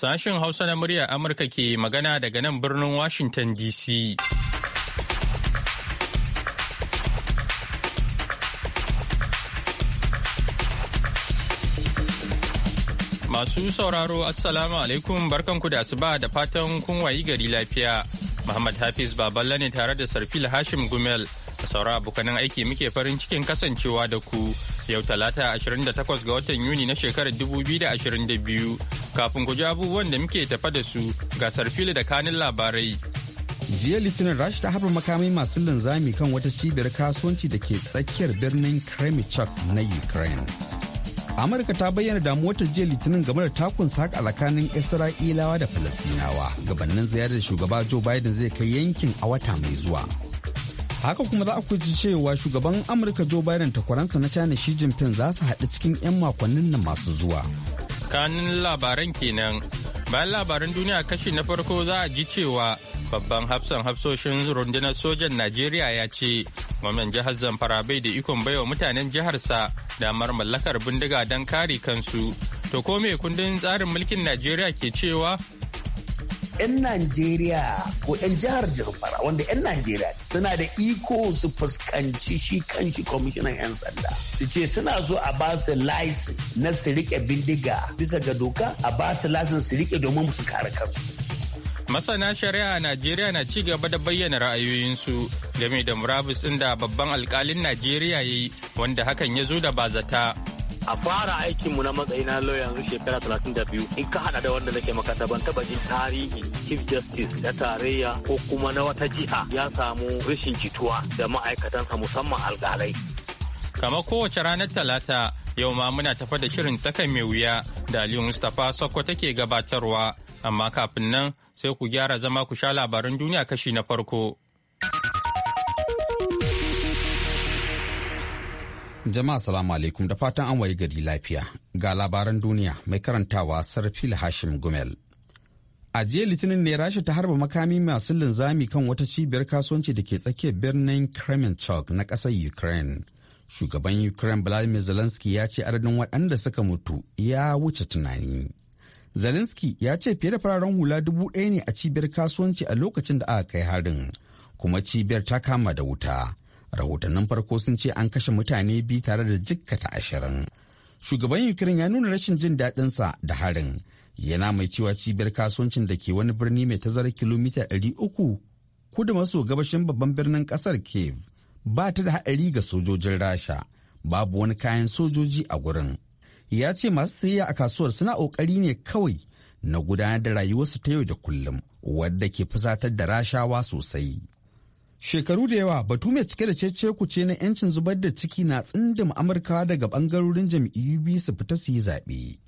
Sashen Hausa na muryar Amurka ke magana daga nan birnin Washington DC. Masu sauraro Assalamu alaikum barkanku da asuba da fatan kun wayi gari lafiya. Muhammad Hafiz Baballa ne tare da Sarfil Hashim Gumel saura abokanan aiki muke farin cikin kasancewa da ku yau talata 28 ga watan Yuni na shekarar 2022 kafin ku ji abubuwan da muke tafa da su gasar fili da kanin labarai. Jiya Litinin Rashi ta haɓar makamai masu linzami kan wata cibiyar kasuwanci da ke tsakiyar birnin Kremichuk na Ukraine. amurka ta bayyana damuwar jiya litinin game da takun sak a tsakanin isra'ilawa da falastinawa gabanin ziyarar shugaba joe biden zai kai yankin a wata mai zuwa haka kuma za ku ji cewa shugaban amurka joe biden takwaransa na china shi jinping za su haɗu cikin 'yan makonnin nan masu zuwa kanin labaran kenan bayan labaran duniya kashi na farko za a ji cewa babban hafsan hafsoshin rundunar sojan najeriya ya ce gwamnan jihar zamfara bai da ikon baiwa mutanen jiharsa damar mallakar bindiga don kare kansu to ko me kundin tsarin mulkin najeriya ke cewa 'yan Najeriya ko 'yan jihar Zamfara wanda 'yan Najeriya suna da iko su fuskanci shi kanshi kwamishinan 'yan sanda su ce suna so a ba su laisin na su rike bindiga bisa ga doka a ba su laisin su rike domin su kare kansu. Masana shari'a a Najeriya na ci gaba da bayyana ra'ayoyinsu game da murabus inda babban alkalin Najeriya ya yi wanda hakan ya zo da bazata. a fara aikin mu na matsayi na lauya yanzu shekara 32 in ka hada da wanda nake makaranta ban taba jin tarihi chief justice na tarayya ko kuma na wata jiha ya samu rashin jituwa da ma'aikatansa musamman alkalai kamar kowace ranar talata yau ma muna tafa da shirin tsakan mai wuya da aliyu mustapha sokko take gabatarwa amma kafin nan sai ku gyara zama ku sha labaran duniya kashi na farko Jama'a salamu alaikum da fatan an wayi gari lafiya ga labaran duniya mai karantawa sarfil Hashim Gumel. A jiya Litinin ne Rasha ta harba makami masu linzami kan wata cibiyar kasuwanci da ke tsakiyar birnin Kremenchuk na ƙasar Ukraine. Shugaban Ukraine Vladimir Zelensky ya ce adadin waɗanda suka mutu ya wuce tunani. Zelensky ya ce fiye da fararen hula dubu ɗaya ne a cibiyar kasuwanci a lokacin da aka kai harin, kuma cibiyar ta kama da wuta. rahotannin farko sun ce an kashe mutane biyu tare da jikkata ashirin shugaban ukraine ya nuna rashin jin daɗinsa da harin yana mai cewa cibiyar kasuwancin da ke wani birni mai tazarar kilomita uku. kudu maso gabashin babban birnin ƙasar kiev ba ta da haɗari ga sojojin rasha babu wani kayan sojoji a gurin ya ce masu sayayya a kasuwar suna ƙoƙari ne kawai na gudanar da rayuwarsu ta yau da kullum wadda ke fusatar da rashawa sosai Shekaru da yawa batu mai cike da cece ce na 'yancin zubar da ciki na tsindin amurka daga bangarorin jam'iyyu biyu su fita su yi zaɓe.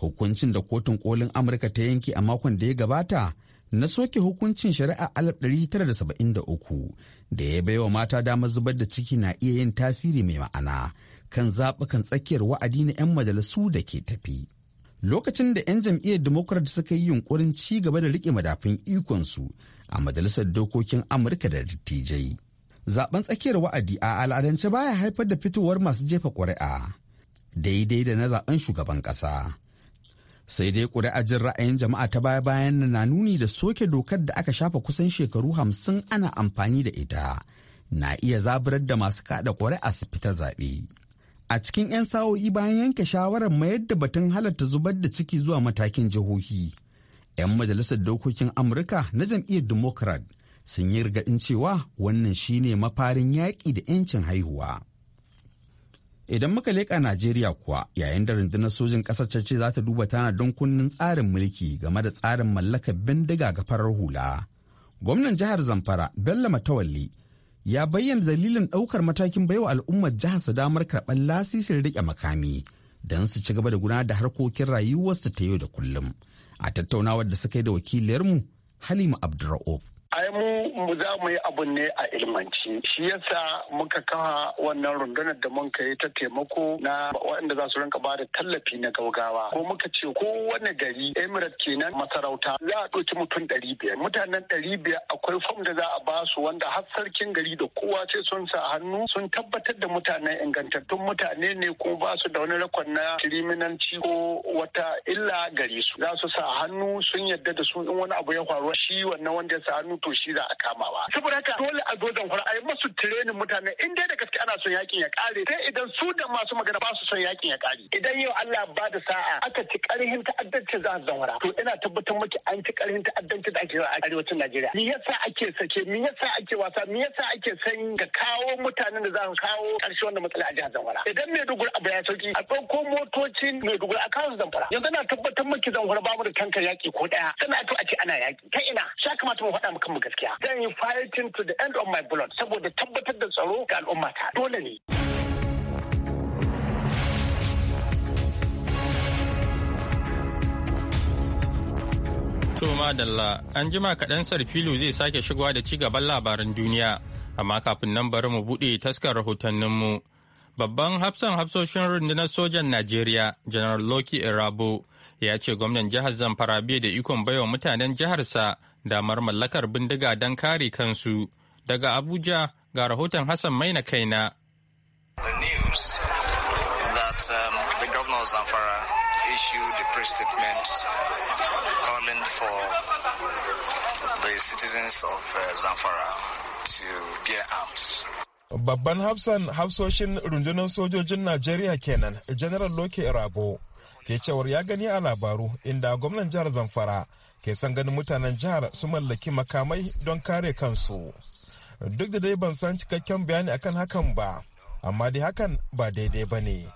Hukuncin da kotun kolin Amurka ta yanke a makon da ya gabata na soke hukuncin shari'a ɗari 1973 da ya baiwa mata damar zubar da ciki na iya yin tasiri mai ma'ana kan zaɓukan tsakiyar wa'adi na 'yan majalisu da ke tafi. Lokacin da 'yan jam'iyyar Democrat suka yi yunkurin ci gaba da riƙe madafin ikonsu a majalisar dokokin amurka da dattijai zaben tsakiyar wa'adi a al'adance baya haifar da fitowar masu jefa ƙuri'a daidai da na zaben shugaban ƙasa sai dai ƙuri'a jin ra'ayin jama'a ta baya bayan na nuni da soke dokar da aka shafa kusan shekaru hamsin ana amfani da ita na iya zaburar da masu kaɗa ƙuri'a su fita zaɓe a cikin 'yan sa'o'i bayan yanke shawarar mayar da batun halatta zubar da ciki zuwa matakin jihohi 'yan majalisar dokokin amurka na jam'iyyar democrat sun yi rigaɗin cewa wannan shine mafarin yaƙi da 'yancin haihuwa idan muka leƙa najeriya kuwa yayin da rundunar sojin ƙasar ce za ta duba tana don kunnen tsarin mulki game da tsarin mallakar bindiga ga farar hula gwamnan jihar zamfara bello matawalli ya bayyana dalilin ɗaukar matakin baiwa al'ummar jihar su damar karɓar lasisin riƙe makami don su ci gaba da gudanar da harkokin rayuwarsu ta yau da kullum a tattaunawar da suka yi da wakiliyarmu halima abdurra'ub ai mu za mu yi abun ne a ilmanci shi yasa muka kafa wannan rundunar da mun kai ta taimako na waɗanda za su rinka ba da tallafi na gaugawa ko muka ce ko wani gari emirat kenan masarauta za a ɗauki mutum ɗari biyar mutanen ɗari biyar akwai fom da za a ba su wanda har sarkin gari da kowa ce sun sa hannu sun tabbatar da mutanen ingantattun mutane ne ko ba su da wani rakon na kiriminanci ko wata illa gari su za su sa hannu sun yadda da su in wani abu ya faru shi wannan wanda ya sa hannu to shi za a kama ba saboda haka dole a zo zamfara a yi masu tirenin mutane in dai da gaske ana son yakin ya kare sai idan su da masu magana ba su son yakin ya kare idan yau Allah ba da sa'a aka ci karhin ta'addanci za a zamfara to ina tabbatar maki an ci karhin ta'addanci da ake a arewacin Najeriya me yasa ake sake me yasa ake wasa me yasa ake san ga kawo mutanen da za su kawo karshe wannan matsala a jihar Zamfara idan Maiduguri abu ya sauki a ɗauko motocin Maiduguri a kawo Zamfara yanzu na tabbatar maki Zamfara ba mu da tankar yaki ko daya sannan a to a ce ana yaki ta ina sha kamata mu faɗa maka mu gaskiya zan yi fighting to the end of my blood saboda tabbatar da tsaro ga al'ummata dole ne To madalla an jima kaɗan sarfilu zai sake shigowa da ci gaban labaran duniya, amma kafin nan bari mu buɗe taskar rahotanninmu. Babban hafsan hafsoshin rundunar sojan Najeriya, Janar Loki Irabo, ya ce gwamnan jihar zamfara bai da ikon baiwa mutanen jiharsa damar mallakar bindiga don kare kansu daga abuja ga rahoton hassan maina kaina um, issued a for of uh, Babban hafsan hafsoshin rundunar sojojin Najeriya kenan, General Loke Rabo. ke cewar ya gani a labaru inda gwamnan jihar zamfara ke san ganin mutanen jihar su mallaki makamai don kare kansu duk da dai ban san cikakken bayani akan hakan ba amma dai hakan ba daidai ba ne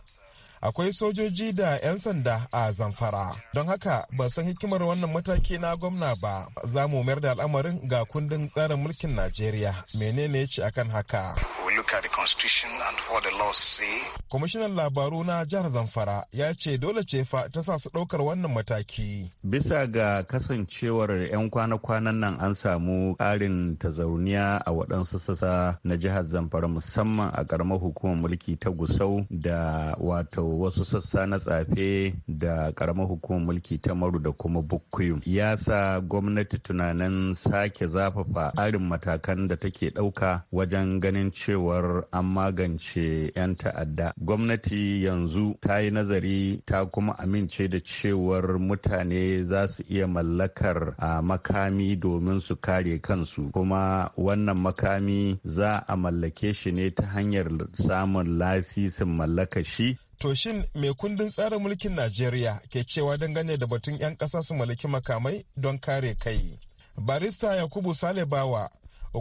akwai sojoji da 'yan sanda a zamfara don haka ba san hikimar wannan mataki na gwamna ba za mu mayar da al'amarin ga kundin tsarin mulkin najeriya menene ce akan haka look at the constitution and what the laws say. Kwamishinan labaru na jihar Zamfara ya ce dole ce fa ta sa su ɗaukar wannan mataki. Bisa ga kasancewar 'yan kwana-kwanan nan an samu ƙarin tazauniya a waɗansu sassa na jihar Zamfara musamman a ƙaramar hukumar mulki ta Gusau da wato wasu sassa na tsafe da ƙaramar hukumar mulki ta Maru da kuma Bukkuyu. Ya sa gwamnati tunanin sake zafafa ƙarin matakan da take ɗauka wajen ganin cewa cewar an magance 'yan ta'adda gwamnati yanzu ta yi nazari ta kuma amince da cewar mutane za su iya mallakar a makami domin su kare kansu kuma wannan makami za a mallake shi ne ta hanyar samun lasisin mallaka shi To shin mai kundin tsarin mulkin Najeriya ke cewa dangane da batun 'yan ƙasa su mallaki makamai don kare kai? Barista Yakubu Sale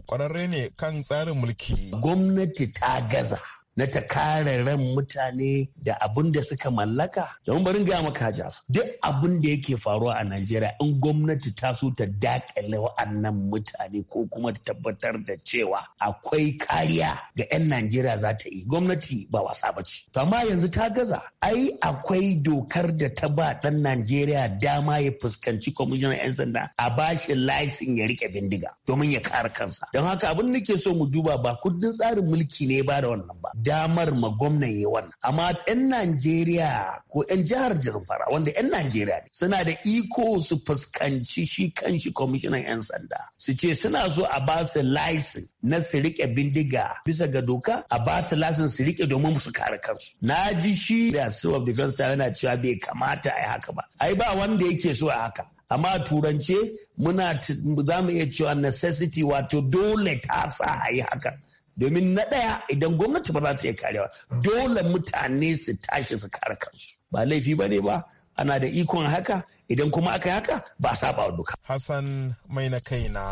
kwararre ne kan tsarin mulki. Gwamnati ta gaza na ta kare ran mutane da abin da suka mallaka don bari ga maka jas duk abin da yake faruwa a Najeriya in gwamnati ta so ta dakale wa'annan mutane ko kuma ta tabbatar da cewa akwai kariya ga 'yan Najeriya za ta yi gwamnati ba wasa ba ce to amma yanzu ta gaza ai akwai dokar da ta ba dan Najeriya dama ya fuskanci kwamishinan 'yan sanda a bashi laisin ya rike bindiga domin ya kare kansa don haka abin da nake so mu duba ba kundin tsarin mulki ne ba da wannan ba damar ma gwamnan ya wannan amma 'yan najeriya ko 'yan jihar zamfara wanda 'yan najeriya ne suna da iko su fuskanci shi kan shi kwamishinan 'yan sanda su ce suna so a ba su na su rike bindiga bisa ga doka a ba su laisin su rike domin su kare kansu na ji shi da civil of defense ta yana cewa bai kamata a yi haka ba ai ba wanda yake so a haka amma turance muna za mu iya cewa necessity wato dole ta sa a yi haka domin na ɗaya idan gwamnati ba za ta iya karewa dole mutane su tashi su kare kansu ba laifi ba ne ba ana da ikon haka idan kuma aka yi haka ba saba duka. Hassan mai na kaina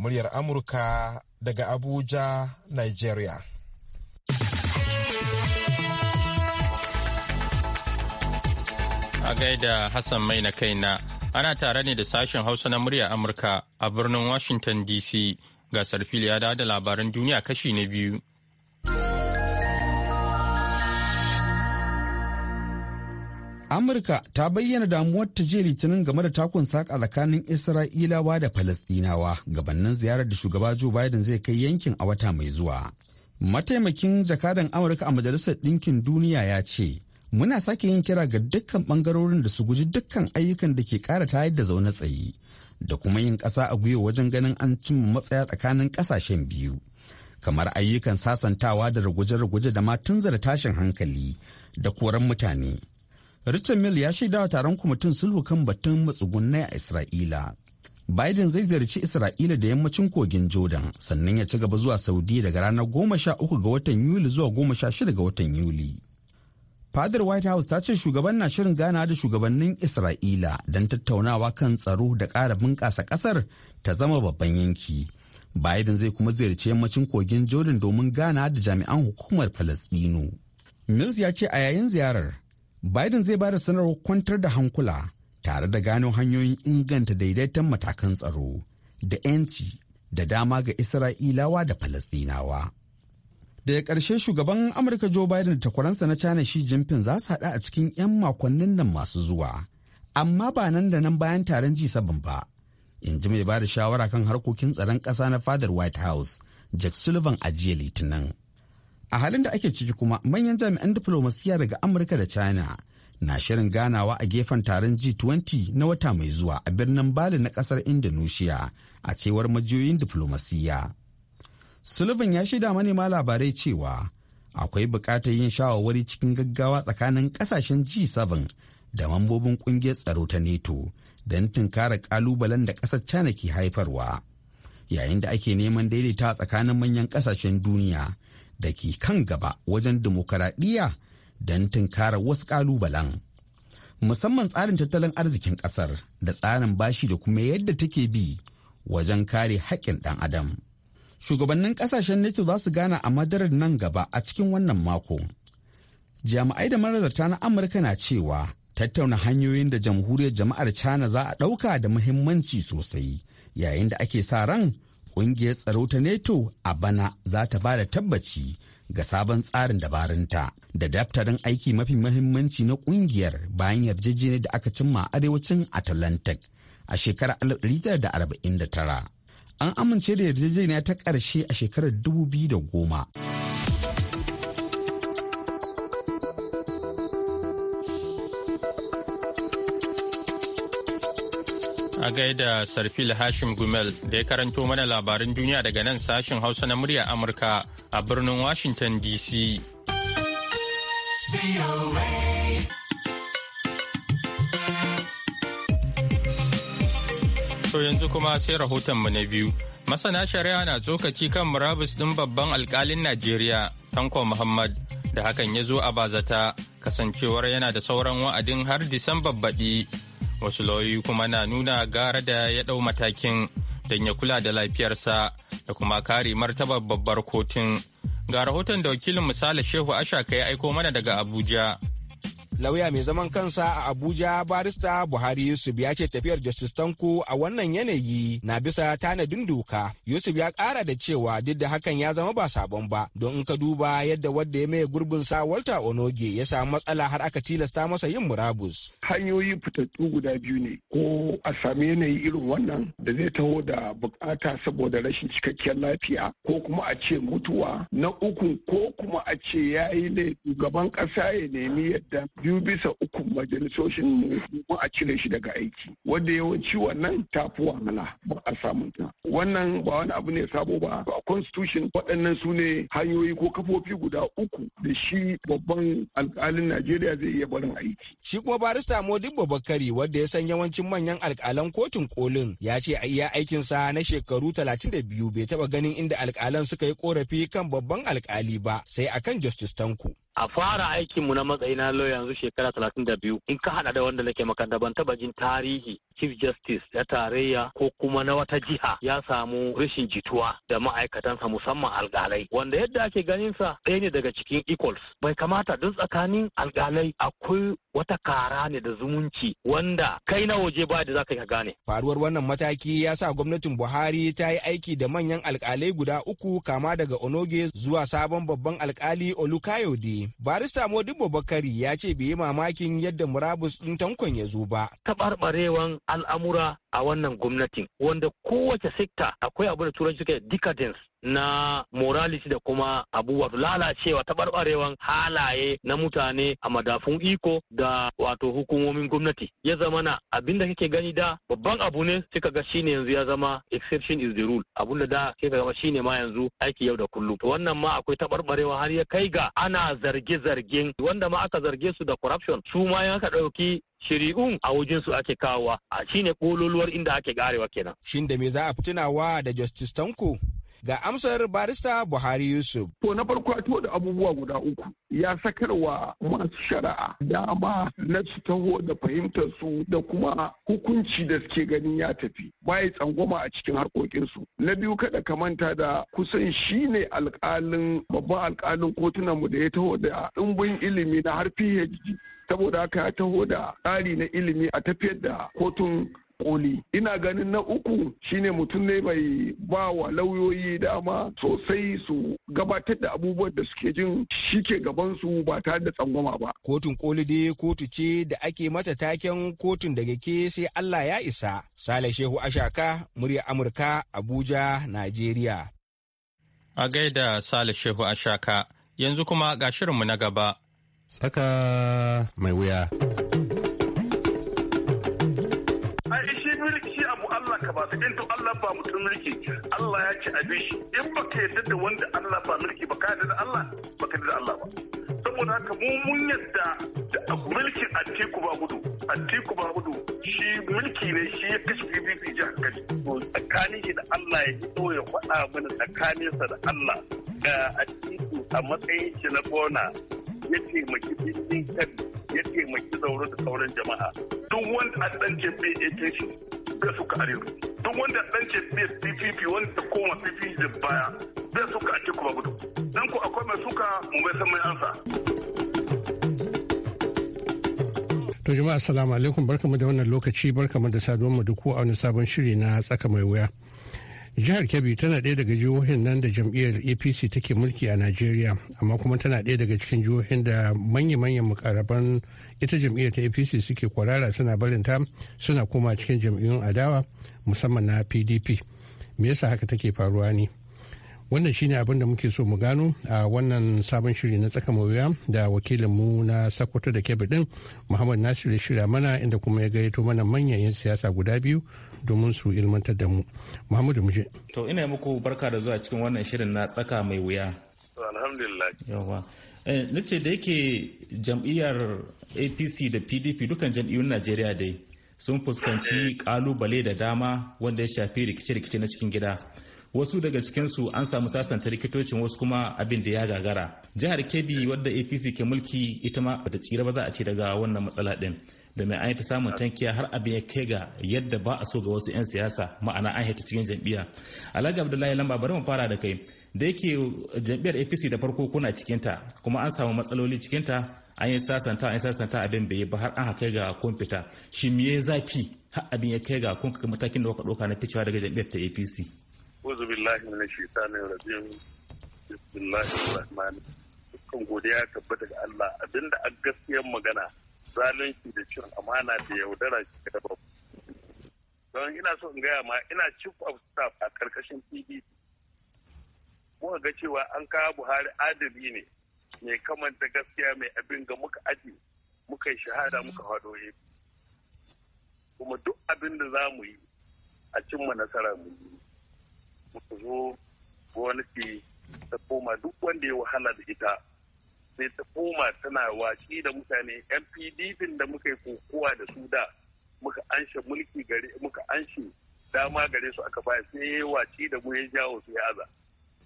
muryar Amurka daga Abuja, Nigeria. A gaida Hassan mai na kaina ana tare ne da sashen Hausa na muryar Amurka a birnin Washington DC. Gasar fili ya dawo da labaran duniya kashi na biyu. Amurka ta bayyana damuwar ta je litinin game da takun saƙa tsakanin Isra'ilawa da Falastinawa gabanin ziyarar da shugaba Joe Biden zai kai yankin a wata mai zuwa. Mataimakin jakadan Amurka a Majalisar Ɗinkin Duniya ya ce, Muna sake yin kira ga dukkan ɓangarorin da su guji dukkan ayyukan da ke ƙara tayar da zaune tsaye da kuma yin ƙasa a gwiwa wajen ganin an cimma matsaya tsakanin ƙasashen biyu kamar ayyukan sasantawa da raguje-raguje da matun zara tashin hankali da koran mutane. Richard Mill ya shaida wa taron kwamitin sulhu kan batun matsugunai a Isra'ila. Biden zai ziyarci Isra'ila da yammacin kogin Jordan sannan ya ci gaba zuwa Saudi daga ranar goma sha uku ga watan Yuli zuwa goma shida ga watan Yuli. fadar white house ta ce shugaban na shirin gana da shugabannin isra'ila don tattaunawa kan tsaro da ƙara bunƙasa ƙasar ta zama babban yanki biden zai kuma ziyarci yammacin kogin jordan domin gana da jami'an hukumar falastinu mills ya ce a yayin ziyarar biden zai ba da sanarwar kwantar da hankula tare da gano hanyoyin inganta daidaiton matakan tsaro da 'yanci da dama ga isra'ilawa da falastinawa Daga ƙarshe shugaban Amurka Joe Biden da takwaransa na China Xi Jinping za su haɗa a cikin 'yan makonnin nan masu zuwa. Amma ba nan da nan bayan taron ji 7 ba. In ji mai ba da shawara kan harkokin tsaron ƙasa na fadar White House, Jack Sullivan a jiya Litinin. A halin da ake ciki kuma manyan jami'an diflomasiya daga Amurka da China na shirin ganawa a gefen taron G20 na wata mai zuwa a birnin Bali na kasar Indonesia a cewar majiyoyin diflomasiya. sullivan ya shaida manema labarai cewa akwai bukatar yin shawarwari cikin gaggawa tsakanin kasashen g7 da mambobin kungiyar tsaro ta neto don tunkara kalubalen da kasar china ke haifarwa yayin da ake neman daidaita tsakanin manyan kasashen duniya da ke kan gaba wajen dimokuraɗiyya don tunkara wasu kalubalen musamman tsarin tattalin arzikin kasar da tsarin bashi da kuma yadda take bi wajen kare haƙƙin ɗan adam. shugabannin kasashen nato za su gana a madarar nan gaba a cikin wannan mako jami'ai da manazarta na amurka na cewa tattauna hanyoyin da jamhuriyar jama'ar china za a ɗauka da muhimmanci sosai yayin da ake sa ran ƙungiyar tsaro ta neto a bana za ta ba da tabbaci ga sabon tsarin dabarunta da daftarin aiki mafi mahimmanci na ƙungiyar bayan yarjejeniyar da aka cimma a arewacin atlantic a shekarar 1949 an amince da yarjejeniya ta ƙarshe a shekarar 2010. A gaida Sarfil Hashim Gumel da ya karanto mana labarin duniya daga nan sashen Hausa na murya Amurka a birnin Washington DC. To yanzu kuma sai rahoton mu na biyu. Masana shari'a na tsokaci kan murabus ɗin babban alkalin Najeriya, Tanko Muhammad, da hakan ya zo a bazata, kasancewar yana da sauran wa'adin har Disamba baɗi. Wasu lauyi kuma na nuna gara da ya ɗau matakin don ya kula da lafiyarsa da kuma kare martabar babbar kotun. Ga rahoton da wakilin misali Shehu Ashaka ya aiko mana daga Abuja. lauya mai zaman kansa a abuja barista buhari yusuf ya ce tafiyar justice tanku a wannan yanayi na bisa tanadin doka yusuf ya kara da cewa duk da hakan ya zama ba sabon ba don in ka duba yadda wadda ya maye gurbin sa walter onoge ya samu matsala har aka tilasta masa yin murabus hanyoyi fitattu guda biyu ne ko a sami yanayi irin wannan da zai taho da bukata saboda rashin cikakkiyar lafiya ko kuma a ce mutuwa na uku ko kuma a ce ya yi gaban ƙasa ya nemi yadda biyu bisa uku majalisoshin kuma a cire shi daga aiki wanda yawanci wannan ta fi wahala ba a samun ta wannan ba wani abu ne sabo ba a constitution waɗannan su ne hanyoyi ko kafofi guda uku da shi babban alkalin najeriya zai iya barin aiki shi kuma barista modin bakari wanda ya san yawancin manyan alkalan kotun kolin ya ce a iya aikin sa na shekaru talatin da biyu bai taɓa ganin inda alkalan suka yi ƙorafi kan babban alkali ba sai akan justice tanku a fara aikinmu na na lauya yanzu shekara talatin da biyu in ka haɗa da wanda nake makaranta ban taba jin tarihi chief justice na tarayya ko kuma na wata jiha ya samu rashin jituwa da ma'aikatansa musamman alkalai wanda yadda ake ganinsa ɗaya ne daga cikin equals bai kamata don tsakanin alkalai akwai wata kara ne da zumunci wanda kai na waje ba da zaka ka gane faruwar wannan mataki ya sa gwamnatin buhari ta yi aiki da manyan alkalai guda uku kama daga onoge zuwa sabon babban alkali olukayode Barista Modin Bakari ya ce bai yi mamakin yadda murabus ɗin tankon ya zo ba. Taɓarɓarewan al'amura a wannan gwamnatin wanda kowace sekta akwai abu da turanci suke decadence na morality da kuma abubuwa lalacewa lalacewa barbarewan halaye na mutane a madafun iko da wato hukumomin gwamnati ya zama na abinda kake gani da babban abu ne ka ga shine yanzu ya zama exception is the rule abinda da ka ga shine ma yanzu aiki yau da kullum to wannan ma akwai taɓarɓarewa har ya kai ga ana zarge-zargen wanda ma aka zarge su da corruption su ma ya ka ɗauki shiri'un a wajen ake kawowa a shine kololuwar inda ake garewa kenan. Shin da me za a tunawa da Justice Tanko Ga amsar barista Buhari Yusuf. ko na farko a da abubuwa guda uku ya sakarwa masu shari'a dama na su taho da fahimtar su da kuma hukunci da suke ganin ya tafi baya tsangwama a cikin harkokinsu. Na biyu kada ka manta da kusan shi ne alkalin babban alkalin kotunan mu da ya taho da ɗumbin ilimi na har PhD saboda haka ya taho da tsari na ilimi a tafiyar da kotun koli ina ganin na uku shine mutum ne mai ba wa lauyoyi dama sosai su gabatar da abubuwan da suke jin shi ke gaban su ba tare da tsangwama ba kotun koli dai kotu ce da ake mata taken kotun daga ke sai Allah ya isa sale shehu ashaka murya amurka abuja najeriya a gaida sale shehu ashaka yanzu kuma ga shirinmu na gaba tsaka mai wuya Allah ka ba su in to Allah ba mutum mulki Allah ya ci abin shi in baka yadda da wanda Allah ba mulki ba ka yadda da Allah baka yadda da Allah ba saboda haka mu mun yadda da mulkin Atiku ba gudu Atiku ba gudu shi mulki ne shi ya kashe PPP jihar Kano tsakanin shi da Allah ya ji ya faɗa mana tsakaninsa da Allah ga Atiku a matsayin shi na gona ya taimaki PPP ya taimaki zauro da sauran jama'a duk wanda a ɗan jefe ya shi bai arewa duk wanda dan ce ppp wanda koma ppp da baya bai suka ka ake kuma gudu dan ku akwai mai suka mai san mai ansa To jama'a assalamu alaikum barkamu da wannan lokaci barkamu da saduwar mu duk a wani sabon shiri na tsaka mai wuya. jihar kebbi tana ɗaya daga jihohin nan da jam'iyyar apc take mulki a najeriya amma kuma tana ɗaya daga cikin jihohin da manya-manyan mukaraban ita jam'iyyar ta apc suke kwarara suna barin ta suna koma cikin jam'iyyun adawa musamman na pdp me yasa haka take faruwa ne wannan shine abin da muke so mu gano a wannan sabon shiri na tsaka mawuya da wakilin mu na sakkwato da kebbi din muhammad nasiru shirya mana inda kuma ya gayyato mana manyan 'yan siyasa guda biyu domin su ilmantar da mu Muhammadu mushe to ina muku barka da zuwa cikin wannan shirin na tsaka mai wuya alhamdulillah eh, da yake jam'iyyar APC da PDP dukan jam'iyyun Najeriya dai sun fuskanci kalubale eh. da dama wanda ya shafi rikice-rikice na cikin gida wasu daga cikinsu an samu sasanta rikitocin wasu kuma abin da ya gagara jihar kebbi wadda apc ke mulki ita ma bata tsira ba za a ce daga wannan matsala din da mai yi ta samun tankiya har abin ya kai ga yadda ba a so ga wasu 'yan siyasa ma'ana an haita cikin jam'iyya alhaji abdullahi lamba bari mu fara da kai da yake jam'iyyar apc da farko kuna cikinta kuma an samu matsaloli cikinta an yi sasanta an yi sasanta abin bai ba har an kai ga kwamfuta fita shi me zafi har abin ya kai ga kun matakin da kuka ɗauka na ficewa daga jam'iyyar ta apc Uzu billahi na shaitanin rajim. Bismillahir Rahmanir Dukkan godiya ga Allah abinda a gaskiyar magana zalunci da cin amana da yaudara shi Don ina so in gaya ma ina chief of staff a karkashin PDP. Muka ga cewa an kawo Buhari adabi ne mai kamanta gaskiya mai abin ga muka aji muka yi shahada muka hado kuma duk abin da za mu yi a cimma nasara mu yi. ta zo gwamnati ta koma duk wanda ya wahala da ita sai ta koma tana watsi da mutane yan pdp da muka yi kokowa da su da muka anshe mulki gare muka anshe dama gare su aka baya sai ya watsi da mu ya jawo su ya aza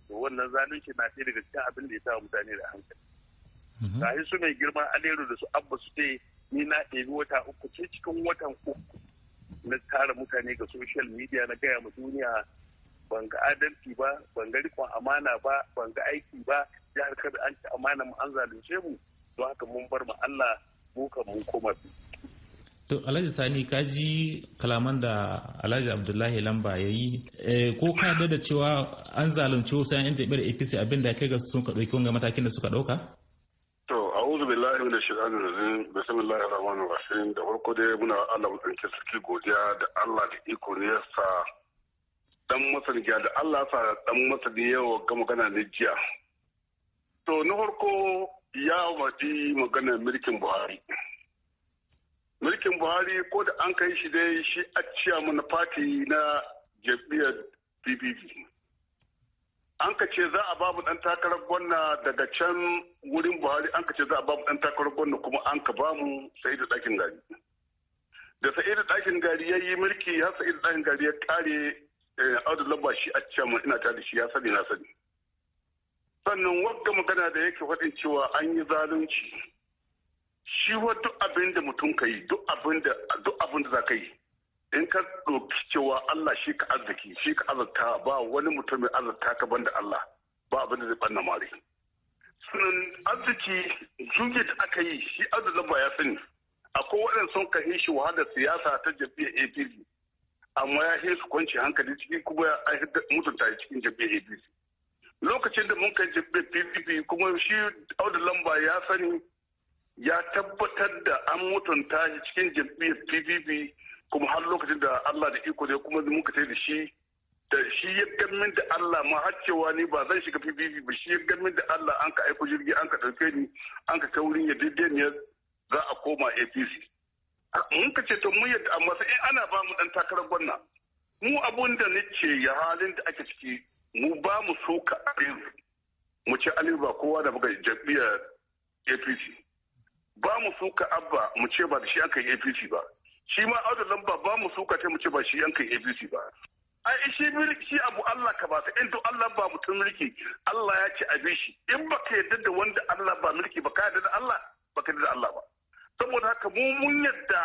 to wannan zalunci na ɗaya daga cikin abin da ya sa mutane da hankali mhm. gashi su mai girman aleru da su abba su ce ni na ɗebi wata uku ce cikin watan uku na tara mutane ga social media na gaya ma duniya ban ga adalci ba ban ga rikon amana ba ban ga aiki ba jihar da an ci amana mu an zalunce mu don haka mun bar mu Allah mu kan mun koma To Alhaji Sani ka ji kalaman da Alhaji Abdullahi Lamba ya yi eh, ko ka da da cewa an zalunce wasu yan jami'ar APC abin da kai ga sun ka dauki wanga matakin da suka dauka? To a'udhu billahi da shaitanir rajim da farko dai muna Allah godiya da Allah da dan masar da Allah sa dan masar yawa ga magana na jiya to na farko ya wadi magana mulkin Buhari mulkin Buhari ko da an kai shi dai shi a ciya mana fati na jam'iyyar B.B.B. an ka ce za a babu dan takarar gwamna daga can wurin buhari an ka ce za a babu dan takarar gwamna kuma an ka bamu sai da ɗakin gari da sa'idu ɗakin gari ya yi mulki har sa'idu ɗakin gari ya ƙare Eh, Audu lamba shi a cewa ina tare da shi ya sani na sani. Sannan wadda magana da yake faɗin cewa an yi zalunci. Shi wa duk abin da mutum ka yi duk abin da za ka yi. In ka ɗauki cewa Allah shi ka arziki shi ka azarta ba wani mutum mai azarta ka banda Allah ba abin da zai ɓanna mare. Sannan arziki juge da aka yi shi Audu Labba ya sani. Akwai waɗansu sun yi shi wahalar siyasa ta jam'iyyar APC. amma ya shi su kwanci hankali ciki kuma ya mutunta cikin jam'iyyar APC lokacin da mun kai jam'iyyar PDP kuma shi Audu Lamba ya sani ya tabbatar da an mutunta shi cikin jam'iyyar PDP kuma har lokacin da Allah da iko zai kuma mun kai da shi da shi ya gamin da Allah ma har cewa ni ba zan shiga pvp ba shi ya gamin da Allah an ka aiko jirgi an ka ɗauke ni an ka kai wurin ya daidai ne za a koma APC mun ka ce to mun yadda amma sai ana ba mu dan takarar gwamna mu abun da nake ya halin da ake ciki mu ba mu so ka mu ce aliyu ba kowa da buga jabiya apc ba mu suka abba mu ce ba da shi an kai apc ba shi ma audu lamba ba mu suka ce mu ce ba shi an kai apc ba a ishi shi abu Allah ka ba ta in to Allah ba mutum mulki Allah ya ce abin shi in baka yarda da wanda Allah ba mulki ba ka yarda da Allah baka yarda da Allah ba saboda haka mu mun yadda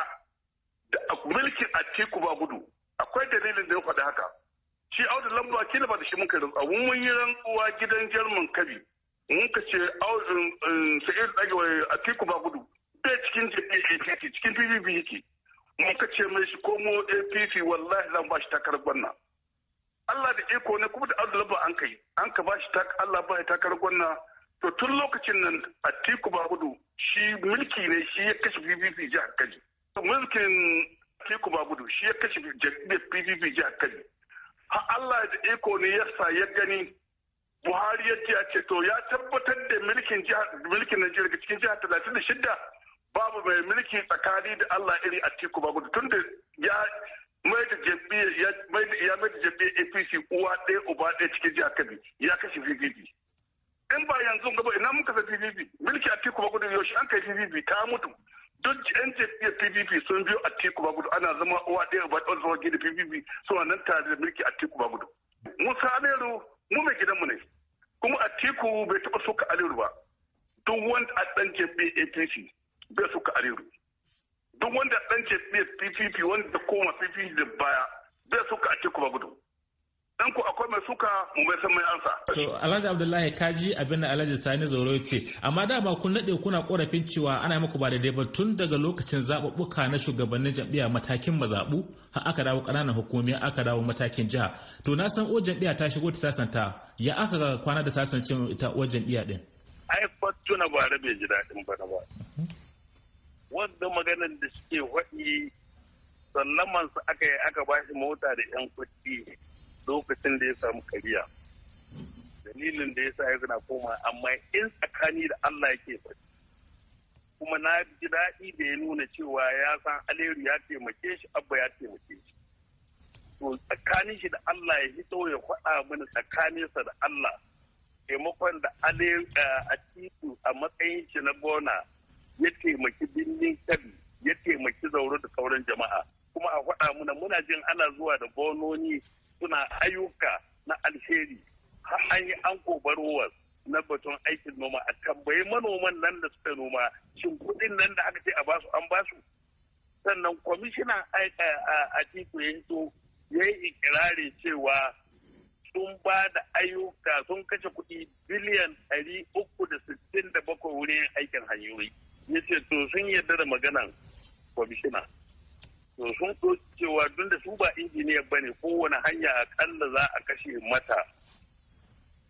da mulkin atiku ba gudu akwai dalilin da ya faɗi haka shi audu lamba kila ba da shi muka rantsuwa mun mun yi rantsuwa gidan jerman kabi mun ka ce audu um, sa'id dage atiku ba gudu bai cikin jppp cikin ppp yake mun ka ce mai shi komo app wallahi zan ba shi takarar gwanna Allah da iko ne kuma da audu lamba an kai an ka ba shi Allah ba shi takarar gwanna to tun lokacin nan a ba gudu shi mulki ne shi ya kashe pdp jihar kaji mulkin ba gudu shi ya kashe jam'iyyar pdp jihar kaji ha allah da iko ne ya sa ya gani buhari ya ce a ce to ya tabbatar da mulkin jihar mulkin najeriya cikin jihar talatin da shidda babu mai mulki tsakani da allah iri a bagudu tun da ya mai da ya mai da jam'iyyar apc uwa ɗaya uba ɗaya cikin jihar kaji ya kashe pdp in ba yanzu gaba ina muka sa pdp mulki a tiku gudu yaushe an kai pdp ta mutu duk yan jam'iyyar pdp sun biyo a tiku gudu ana zama uwa ɗaya ba ɗan zuwa gida pdp suna nan tare da mulki a tiku gudu musa aliyu mu mai gidanmu ne kuma a tiku bai taɓa suka Aliyu ba duk wanda a ɗan jam'iyyar apc bai suka Aliyu. duk wanda ɗan jam'iyyar ppp wanda koma ppp da baya bai suka a tiku gudu dan ku akwai mai suka mu mai san mai ansa. To Alhaji Abdullahi kaji abin da Alhaji Sani Zoro ya ce amma dama kun nade kuna korafin cewa ana muku ba daidai ba tun daga lokacin zaɓuɓɓuka na shugabannin jam'iyya matakin mazaɓu har aka dawo ƙananan hukumi aka dawo matakin jiha. To na san o jam'iyya ta shigo ta sasanta ya aka ga kwana da sasancin ita o jam'iyya din. Ai tuna ba rabe ji daɗin ba na ba. Wanda maganar da suke waɗi sallamansu aka yi aka ba shi mota da 'yan kuɗi lokacin da ya samu kariya dalilin da ya sa ya zina koma amma in tsakani da Allah yake faɗi kuma na ji daɗi da ya nuna cewa ya san Aliyu ya taimake shi abba ya taimake shi to tsakanin shi da Allah ya hito ya faɗa mana tsakaninsa da Allah taimakon da Aliyu a titu a matsayin shi na gona ya taimaki birnin kabi ya taimaki zauro da sauran jama'a kuma a faɗa mana muna jin ana zuwa da gononi suna ayyuka na alheri har an yi an kobarowar na batun aikin noma a tambayi manoman nan da suka noma shin kuɗin nan da aka ce a basu an basu sannan kwamishinan a titi ya hito ya yi ikirari cewa sun ba da ayyuka sun kashe kudi biliyan 367 da wurin aikin hanyoyi ya ce to sun yarda da maganan kwamishina to sun cewa don da su ba injiniya ba ne kowane hanya akalla za a kashe mata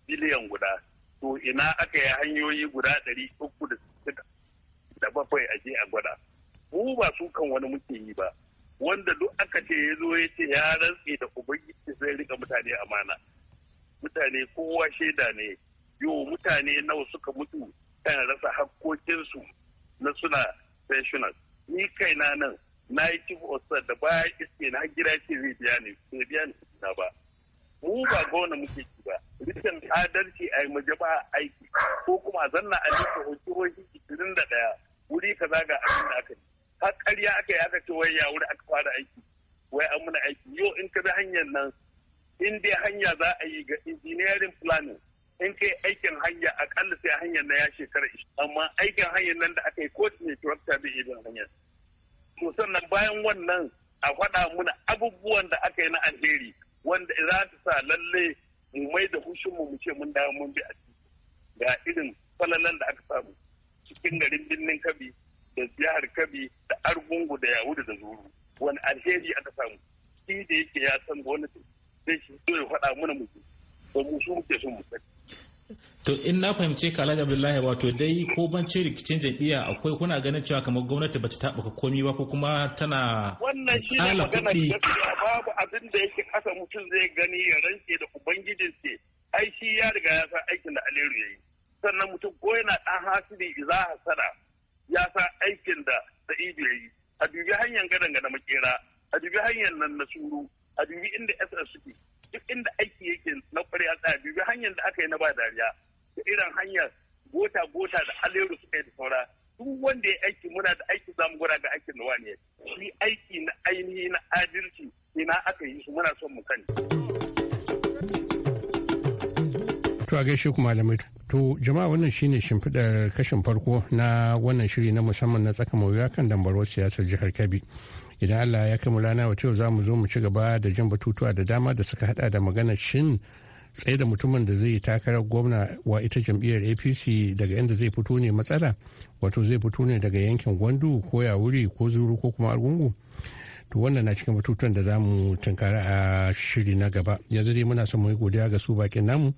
biliyan guda to ina aka yi hanyoyi guda ɗari uku da da bakwai a je a gwada mu ba su kan wani muke yi ba wanda duk aka ce ya zo ya ce ya rantse da ubangiji sai rika mutane amana mutane kowa shaida ne yo mutane nawa suka mutu kan rasa hakkokinsu na suna pensioners ni kaina nan na yi chief officer da baya iske na gida ce zai biya ni sai biya ni na ba mu ba gona muke ci ba rikin adalci a yi majaba aiki ko kuma zanna a nika hujjoji ishirin da daya wuri kaza ga abin da aka yi har karya aka yi aka ce wai ya wuri aka fara aiki wai an muna aiki yau in ka bi hanyar nan in dai hanya za a yi ga engineering planning in kai aikin hanya akalla sai hanyar na ya shekara amma aikin hanyar nan da aka yi ko ne tractor bai iya hanyar to sannan bayan wannan a faɗa muna abubuwan da aka yi na alheri wanda za ta sa lalle mu mai da hushinmu mu ce mun dawo mun bi a ga irin falalan da aka samu cikin garin birnin kabi da jihar kabi da argungu da yawu da zuru wani alheri aka samu shi da yake ya san gwamnati zai shi zo ya faɗa muna mu ba mu su muke son mu sani To in na fahimce ka Alhaji Abdullahi wato dai ko bancin rikicin jam'iyya akwai kuna ganin cewa kamar gwamnati bata taɓuka komi ba ko kuma tana wannan shi ne magana babu abin da yake kasa mutum zai gani ya rantse da ubangijin ce ai shi ya riga ya san aikin da Aliyu yayi sannan mutum ko yana dan hasidi idza hasada ya san aikin da Sa'idu yayi a dubi hanyar gadan ga makera a dubi hanyar nan na suru a dubi inda SS suke duk inda aiki yake na kwarewa a dubi hanyar da aka yi na ba dariya da irin hanyar gota gota da aleru suka yi da saura duk wanda ya aiki muna da aiki za mu gura ga aikin nawa ne shi aiki na ainihi na adalci ina aka yi su muna son mu kan To a gaishe ku malamai To jama'a wannan shine shimfiɗar kashin farko na wannan shiri na musamman na tsaka mawuya kan dambarwar siyasar jihar Kebbi. Idan Allah ya kai mu rana wata yau za mu zo mu ci gaba da jin batutuwa da dama da suka hada da magana shin tsaye da mutumin da zai takarar gwamna wa ita jam'iyyar apc daga inda zai fito ne matsala wato zai fito ne daga yankin gwandu ko yawuri ko zuru ko kuma argungu to wannan na cikin batutuwan da za mu tunkara a shiri na gaba yanzu dai muna son mu yi godiya ga su bakin namu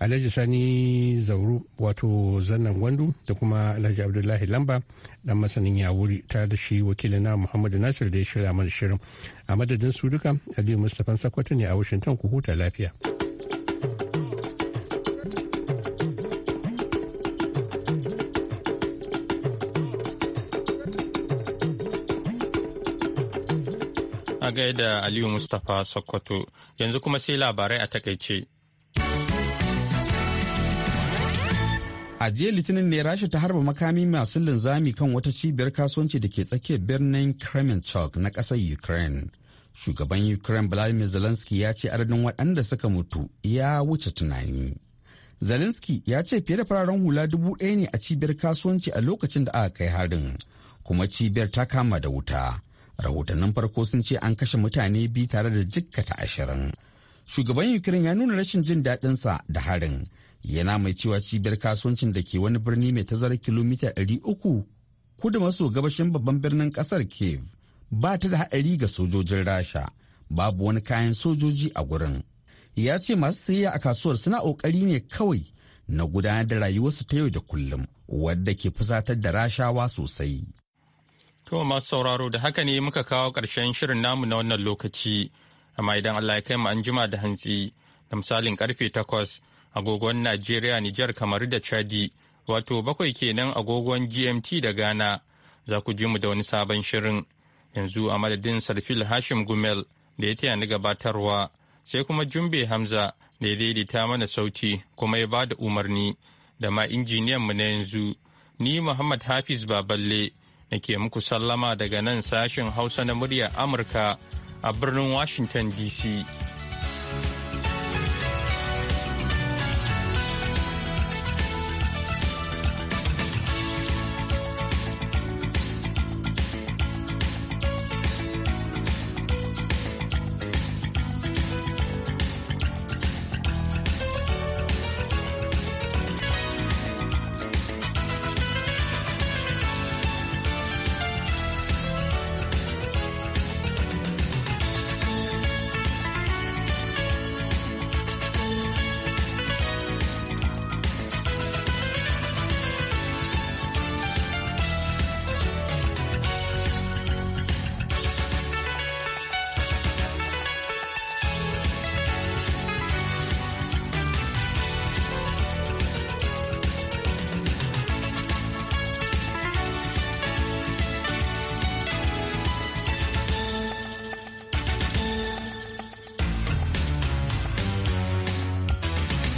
alhaji sani zauru wato zannan gwandu da kuma alhaji abdullahi lamba dan masanin yawuri ta da shi wakilin na muhammadu nasir da ya shirya mana shirin a madadin su duka aliyu mustapha sakwato ne a washington ku huta lafiya. A gaida Aliyu Mustapha Sokoto yanzu kuma sai labarai a takaice. A jiya Litinin ne Rasha ta harba makami masu linzami kan wata cibiyar kasuwanci da ke tsakiyar birnin Kremenchuk na ƙasar Ukraine. Shugaban Ukraine Vladimir Zelensky ya ce adadin waɗanda suka mutu ya wuce tunani. Zelensky ya ce fiye da fararen hula dubu ɗaya ne a cibiyar kasuwanci a lokacin da aka kai harin, kuma cibiyar ta kama da wuta. rahotannin farko sun ce an kashe mutane biyu tare da jikkata ashirin shugaban ukraine ya nuna rashin jin daɗinsa da harin yana mai cewa cibiyar kasuwancin da ke wani birni mai tazara kilomita 300 kudu maso gabashin babban birnin ƙasar kiev ba ta da haɗari ga sojojin rasha babu wani kayan sojoji a gurin ya ce masu sayayya a kasuwar suna ƙoƙari ne kawai na gudanar da rayuwarsu ta yau da kullum wadda ke fusatar da rashawa sosai To masu sauraro da haka ne muka kawo ƙarshen shirin namu na wannan lokaci, amma idan Allah ya kai mu an jima da hantsi, da misalin karfe takwas agogon Najeriya, Nijar, kamar da Chadi, wato bakwai kenan agogon GMT da Ghana, za ku ji mu da wani sabon shirin. Yanzu a madadin Sarfil Hashim Gumel da ya taya ni gabatarwa, sai kuma Jumbe Hamza da ya daidaita mana sauti kuma ya ba da umarni, da ma injiniyan mu na yanzu, ni Muhammad Hafiz Baballe. nake muku sallama daga nan sashen Hausa na murya Amurka a birnin Washington DC.